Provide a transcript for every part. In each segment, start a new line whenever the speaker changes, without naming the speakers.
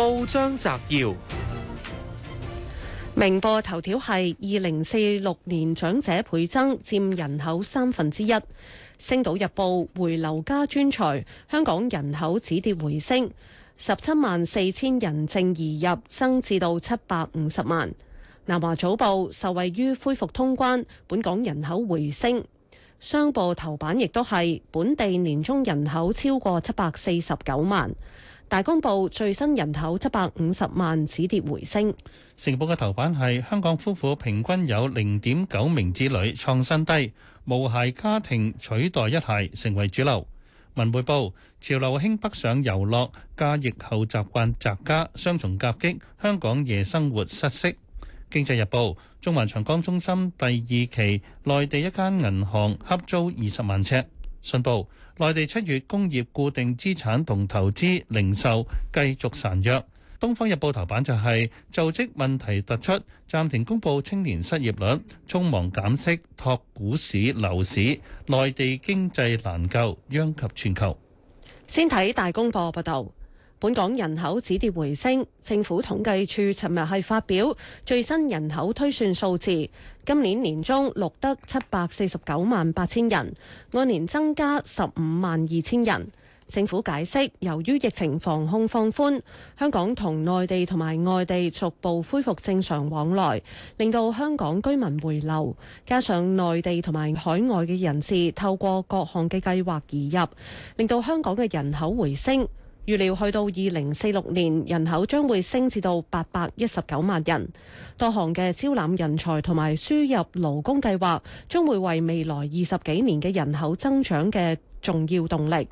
報章摘要：
明報頭條係二零四六年長者倍增，佔人口三分之一。星島日報回流加專才，香港人口止跌回升，十七萬四千人正移入，增至到七百五十萬。南華早報受惠於恢復通關，本港人口回升。商報頭版亦都係本地年中人口超過七百四十九萬。大公報，最新人口七百五十萬止跌回升。
成報嘅頭版係香港夫婦平均有零點九名子女，創新低，無孩家庭取代一孩成為主流。文匯報，潮流興北上遊樂，加疫後習慣宅家，雙重夾擊，香港夜生活失色。經濟日報，中環長江中心第二期，內地一間銀行合租二十萬尺。信報：內地七月工業固定資產同投資零售繼續孱弱。《東方日報》頭版就係就職問題突出，暫停公佈青年失業率，匆忙減息，托股市樓市，內地經濟難救，殃及全球。
先睇大公報報道。本港人口止跌回升，政府統計處尋日係發表最新人口推算數字，今年年中錄得七百四十九萬八千人，按年增加十五萬二千人。政府解釋，由於疫情防控放寬，香港同內地同埋外地逐步恢復正常往來，令到香港居民回流，加上內地同埋海外嘅人士透過各項嘅計劃移入，令到香港嘅人口回升。預料去到二零四六年，人口將會升至到八百一十九萬人。多項嘅招攬人才同埋輸入勞工計劃，將會為未來二十幾年嘅人口增長嘅重要動力。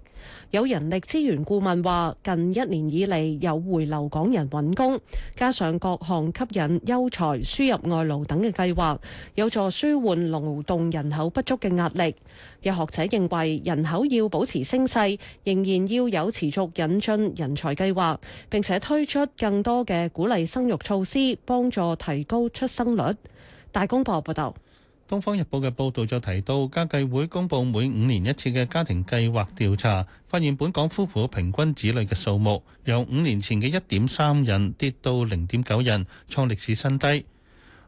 有人力資源顧問話，近一年以嚟有回流港人揾工，加上各項吸引優才、輸入外勞等嘅計劃，有助舒緩勞動人口不足嘅壓力。有學者認為，人口要保持升勢，仍然要有持續引進人才計劃，並且推出更多嘅鼓勵生育措施，幫助提高出生率。大公報報道。
《東方日報》嘅報導就提到，家計會公佈每五年一次嘅家庭計劃調查，發現本港夫婦平均子女嘅數目由五年前嘅一點三人跌到零點九人，創歷史新低。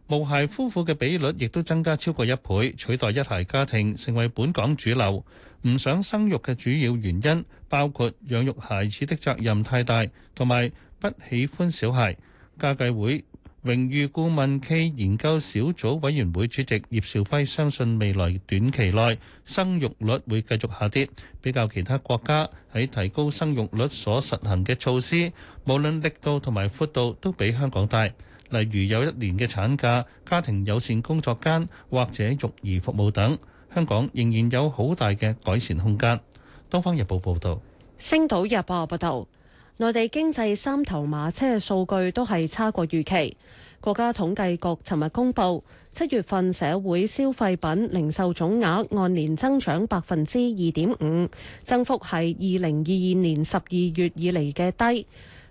無孩夫婦嘅比率亦都增加超過一倍，取代一孩家庭成為本港主流。唔想生育嘅主要原因包括養育孩子的責任太大，同埋不喜歡小孩。家計會榮譽顧問暨研究小組委員會主席葉兆輝相信未來短期內，生育率會繼續下跌，比較其他國家喺提高生育率所實行嘅措施，無論力度同埋闊度都比香港大，例如有一年嘅產假、家庭友善工作間，或者育兒服務等，香港仍然有好大嘅改善空間。《東方日報》報道。
《星島日報》報道，內地經濟三頭馬車嘅數據都係差過預期。國家統計局尋日公布，七月份社會消費品零售總額按年增長百分之二點五，增幅係二零二二年十二月以嚟嘅低，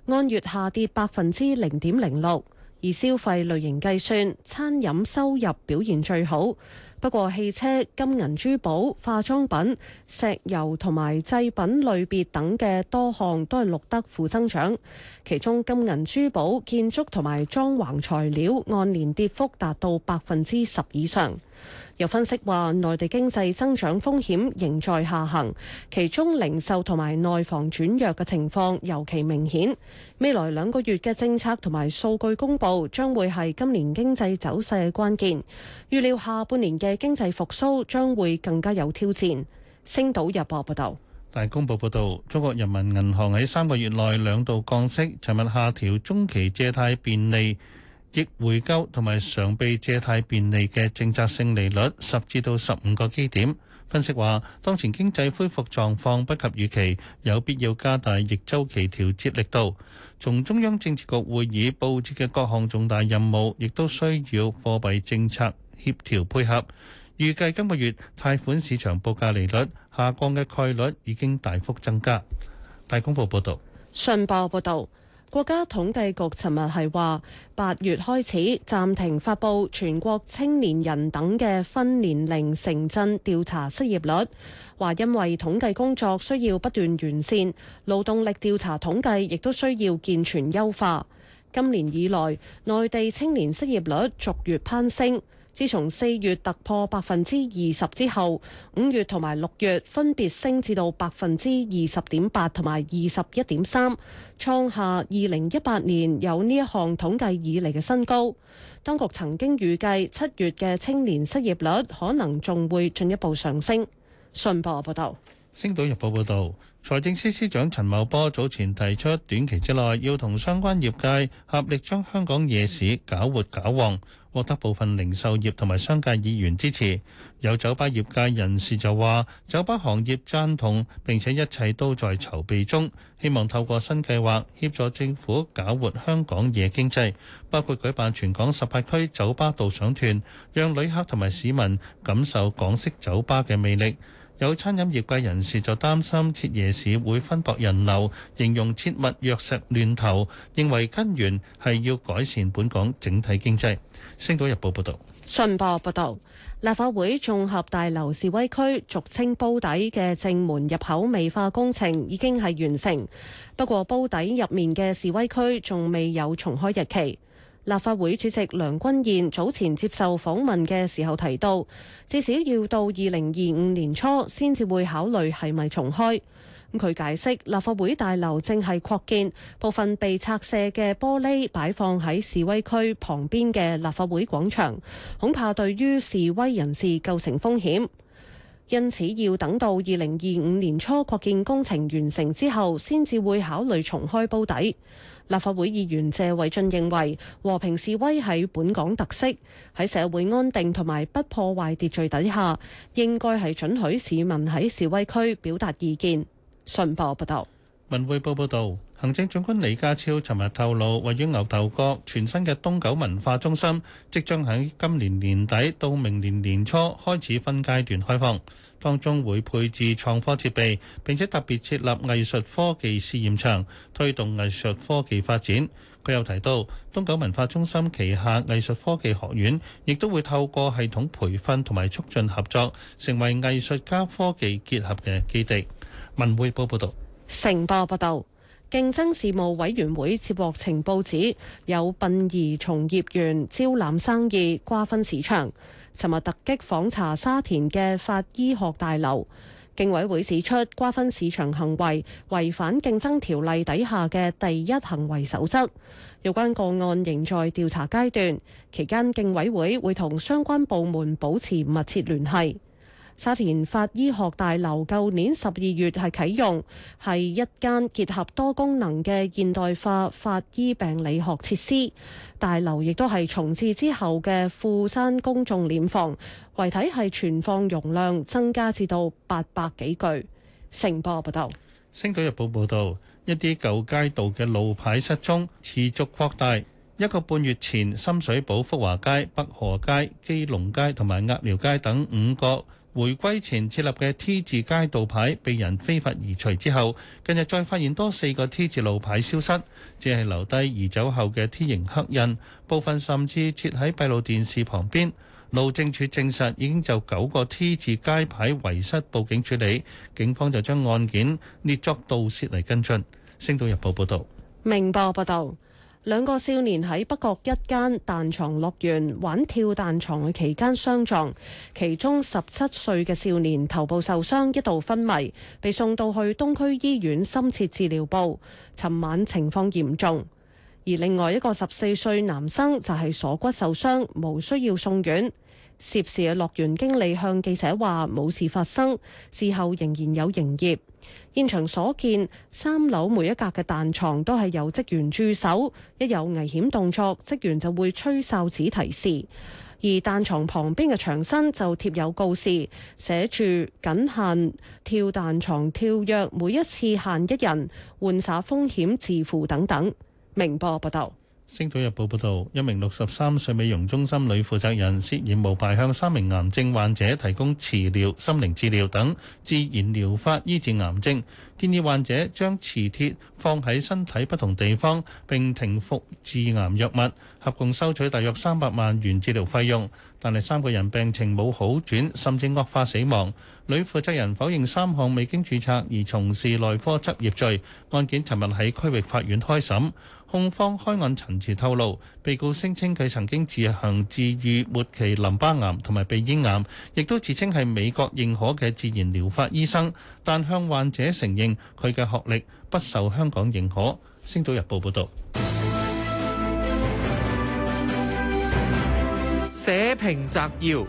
按月下跌百分之零點零六。而消費類型計算，餐飲收入表現最好。不過，汽車、金銀珠寶、化妝品、石油同埋製品類別等嘅多項都係錄得負增長，其中金銀珠寶、建築同埋裝潢材料按年跌幅達到百分之十以上。有分析話，內地經濟增長風險仍在下行，其中零售同埋內房轉弱嘅情況尤其明顯。未來兩個月嘅政策同埋數據公佈，將會係今年經濟走勢嘅關鍵。預料下半年嘅經濟復甦將會更加有挑戰。星島日報報道。
大公報報道，中國人民銀行喺三個月內兩度降息，尋日下調中期借貸便利。逆回購同埋常備借貸便利嘅政策性利率十至到十五個基點。分析話，當前經濟恢復狀況不及預期，有必要加大逆週期調節力度。從中央政治局會議佈置嘅各項重大任務亦都需要貨幣政策，協調配合。預計今個月，貸款市場報價利率，下降嘅概率已經大幅增加。大公報報道。
信報報道。國家統計局尋日係話，八月開始暫停發佈全國青年人等嘅分年齡城鎮調查失業率，話因為統計工作需要不斷完善，勞動力調查統計亦都需要健全優化。今年以來，內地青年失業率逐月攀升。自從四月突破百分之二十之後，五月同埋六月分別升至到百分之二十點八同埋二十一點三，創下二零一八年有呢一項統計以嚟嘅新高。當局曾經預計七月嘅青年失業率可能仲會進一步上升。信報報道。《星島日
報》報道，財政司司長陳茂波早前提出，短期之內要同相關業界合力將香港夜市搞活搞旺。獲得部分零售業同埋商界議員支持，有酒吧業界人士就話：酒吧行業贊同並且一切都在籌備中，希望透過新計劃協助政府搞活香港夜經濟，包括舉辦全港十八區酒吧導賞團，讓旅客同埋市民感受港式酒吧嘅魅力。有餐飲業界人士就擔心設夜市會分薄人流，形容切勿藥石亂投，認為根源係要改善本港整體經濟。星島日報報道，
信報報道，立法會綜合大樓示威區俗稱煲底嘅正門入口美化工程已經係完成，不過煲底入面嘅示威區仲未有重開日期。.立法會主席梁君彥早前接受訪問嘅時候提到，至少要到二零二五年初先至會考慮係咪重開。佢解釋，立法會大樓正係擴建，部分被拆卸嘅玻璃擺放喺示威區旁邊嘅立法會廣場，恐怕對於示威人士構成風險。因此要等到二零二五年初擴建工程完成之後先至會考慮重開煲底。立法會議員謝偉俊認為和平示威係本港特色，喺社會安定同埋不破壞秩序底下，應該係准許市民喺示威區表達意見。信報報道
文匯報報道。行政長官李家超尋日透露，位於牛頭角全新嘅東九文化中心，即將喺今年年底到明年年初開始分階段開放，當中會配置創科設備，並且特別設立藝術科技試驗場，推動藝術科技發展。佢又提到，東九文化中心旗下藝術科技學院，亦都會透過系統培訓同埋促進合作，成為藝術家科技結合嘅基地。文匯報報道。
成報報道。競爭事務委員會接獲情報指，有殯儀從業員招攬生意，瓜分市場。尋日突擊訪查沙田嘅法醫學大樓，競委會指出，瓜分市場行為違反競爭條例底下嘅第一行為守則。有關個案仍在調查階段，期間競委會會同相關部門保持密切聯繫。沙田法醫學大樓舊年十二月係啟用，係一間結合多功能嘅現代化法醫病理學設施。大樓亦都係重置之後嘅富山公眾殮房，遺體係存放容量增加至到八百幾具。成報報道，
《星島日報》報道，一啲舊街道嘅路牌失蹤，持續擴大。一個半月前，深水埗福華街、北河街、基隆街同埋鴨寮街等五個回歸前設立嘅 T 字街道牌被人非法移除之後，近日再發現多四個 T 字路牌消失，只係留低移走後嘅 T 形刻印，部分甚至設喺閉路電視旁邊。路政處證實已經就九個 T 字街牌遺失報警處理，警方就將案件列作盜竊嚟跟進。星島日報報道，
明報報道。兩個少年喺北角一間彈床樂園玩跳彈床嘅期間相撞，其中十七歲嘅少年頭部受傷，一度昏迷，被送到去東區醫院深切治療部。尋晚情況嚴重，而另外一個十四歲男生就係鎖骨受傷，冇需要送院。涉事嘅樂園經理向記者話：冇事發生，事後仍然有營業。現場所見，三樓每一格嘅彈床都係由職員駐守，一有危險動作，職員就會吹哨子提示。而彈床旁邊嘅牆身就貼有告示，寫住僅限跳彈床跳躍，每一次限一人，玩耍風險自負等等。明報報道。
星島日報報導，一名六十三歲美容中心女負責人涉嫌無牌向三名癌症患者提供磁療、心靈治療等自然療法醫治癌症，建議患者將磁鐵放喺身體不同地方並停服治癌藥物，合共收取大約三百萬元治療費用。但係三個人病情冇好轉，甚至惡化死亡。女負責人否認三項未經註冊而從事內科執業罪，案件尋日喺區域法院開審。控方開案陳詞透露，被告聲稱佢曾經自行治癒末期淋巴癌同埋鼻咽癌，亦都自稱係美國認可嘅自然療法醫生，但向患者承認佢嘅學歷不受香港認可。星島日報報導。
社評摘要。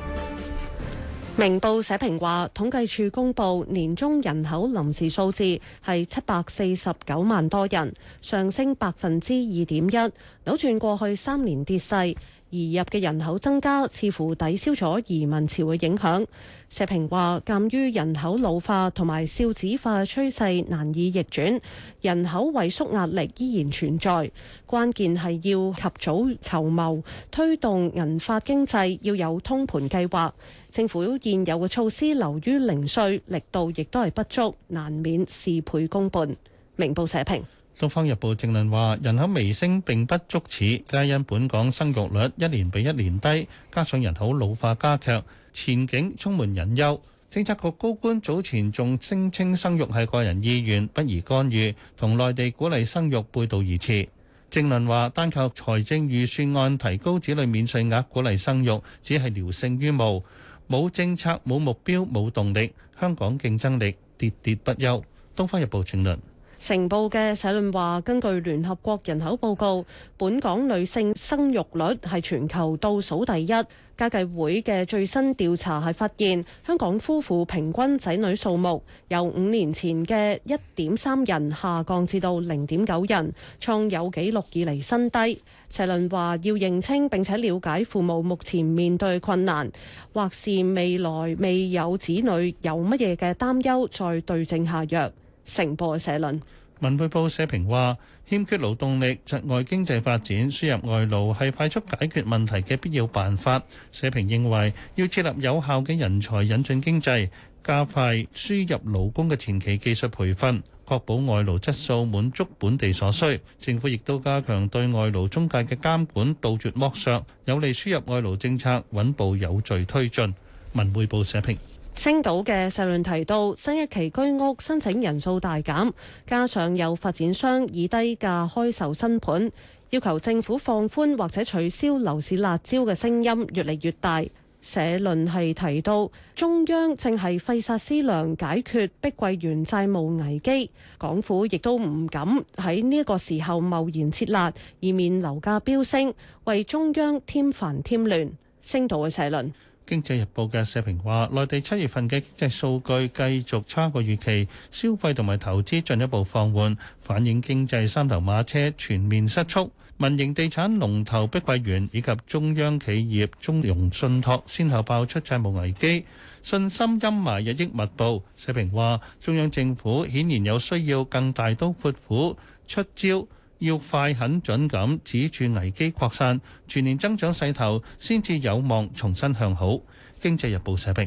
明報社評話，統計處公布年中人口臨時數字係七百四十九萬多人，上升百分之二點一，扭轉過去三年跌勢。移入嘅人口增加，似乎抵消咗移民潮嘅影響。社評話，鑒於人口老化同埋少子化趨勢難以逆轉，人口萎縮壓力依然存在。關鍵係要及早籌謀，推動銀發經濟，要有通盤計劃。政府現有嘅措施流於零碎，力度亦都係不足，難免事倍功半，明報社評。
《東方日報》正論話：人口微升並不足此，皆因本港生育率一年比一年低，加上人口老化加劇，前景充滿隱憂。政策局高官早前仲聲稱生育係個人意願，不宜干預，同內地鼓勵生育背道而馳。正論話：單靠財政預算案提高子女免稅額鼓勵生育，只係聊勝於無。冇政策、冇目標、冇動力，香港競爭力跌跌不休。《東方日報》評論。
成報嘅社論話：根據聯合國人口報告，本港女性生育率係全球倒數第一。家計會嘅最新調查係發現，香港夫婦平均仔女數目由五年前嘅一點三人下降至到零點九人，創有紀錄以嚟新低。社論話要認清並且了解父母目前面對困難，或是未來未有子女有乜嘢嘅擔憂，再對症下藥。成報社論：
文匯報社評話，欠缺勞動力，窒礙經濟發展，輸入外勞係快速解決問題嘅必要辦法。社評認為，要設立有效嘅人才引進經濟，加快輸入勞工嘅前期技術培訓，確保外勞質素滿足本地所需。政府亦都加強對外勞中介嘅監管，杜絕剝削，有利輸入外勞政策穩步有序推進。文匯報社評。
星島嘅社論提到，新一期居屋申請人數大減，加上有發展商以低價開售新盤，要求政府放寬或者取消樓市辣招嘅聲音越嚟越大。社論係提到，中央正係費煞思量解決碧桂園債務危機，港府亦都唔敢喺呢一個時候貿然撤辣，以免樓價飆升，為中央添煩添亂。星島嘅社論。經
濟日報嘅社評話，內地七月份嘅經濟數據繼續差過預期，消費同埋投資進一步放緩，反映經濟三頭馬車全面失速。民營地產龍頭碧桂園以及中央企業中融信託先後爆出債務危機，信心陰霾日益密佈。社評話，中央政府顯然有需要更大刀闊斧出招。要快、狠準咁止住危機擴散，全年增長勢頭先至有望重新向好。經濟日報社評。